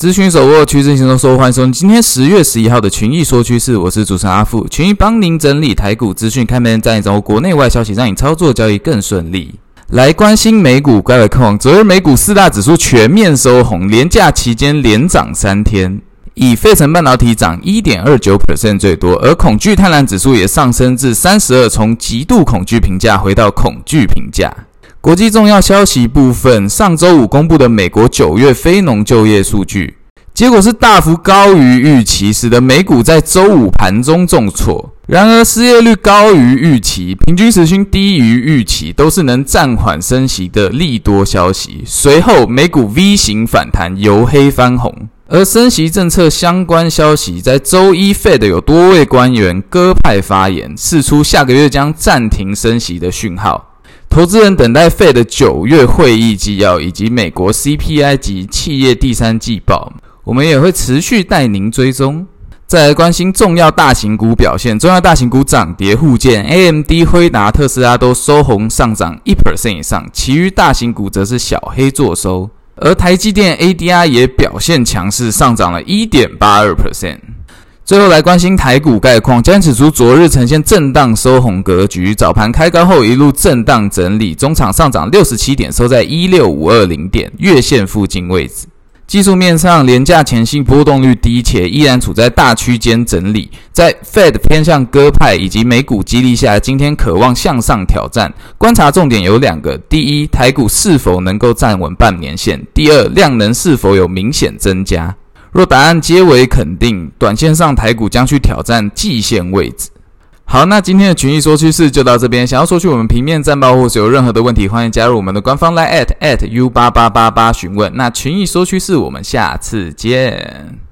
資訊手握，趨勢輕鬆說，歡迎收聽。今天十月十一號的群益說趨勢，我是主持人阿富。群益幫您整理台股資訊，看每天在你掌握國內外消息，讓你操作交易更順利。來關心美股，各位看官，昨日美股四大指數全面收紅，連假期間連漲三天，以費城半導體漲一點二九 percent 最多，而恐懼貪婪指數也上升至三十二，從極度恐懼評價回到恐懼評價。國際重要消息部分，上周五公布的美國九月非農就業數據結果是大幅高於預期，使得美股在周五盤中重挫。然而，失業率高於預期，平均時薪低於預期，都是能暫緩升息的利多消息。隨後，美股 V 型反彈，由黑翻紅。而升息政策相關消息在周一，Fed 有多位官員鴿派發言，釋出下個月將暫停升息的訊號。投資人等待 Fed 的九月會議紀要，以及美國 CPI 及企業第三季報，我們也會持續帶您追蹤。再來關心重要大型股表現，重要大型股漲跌互見，AMD、輝達、特斯拉都收紅上漲一 percent 以上，其餘大型股則是小黑作收，而台積電 ADR 也表現強勢，上漲了一點八二 percent。最後來關心台股概況，堅持出昨日呈現震盪收紅格局，早盤開高後一路震盪整理，中場上漲六十七點，收在一六五二零點月線附近位置。技術面上，連假前夕波動率低且依然處在大區間整理，在 Fed 偏向鴿派以及美股激勵下，今天渴望向上挑戰。觀察重點有兩個：第一，台股是否能夠站穩半年線；第二，量能是否有明顯增加。若答案皆為肯定，短線上台股將去挑戰季線位置。好，那今天的群益說趨勢就到這邊。想要索取我們平面戰報，或是有任何的問題，歡迎加入我們的官方 LINE at at u 八八八八詢問。那群益說趨勢，我們下次見。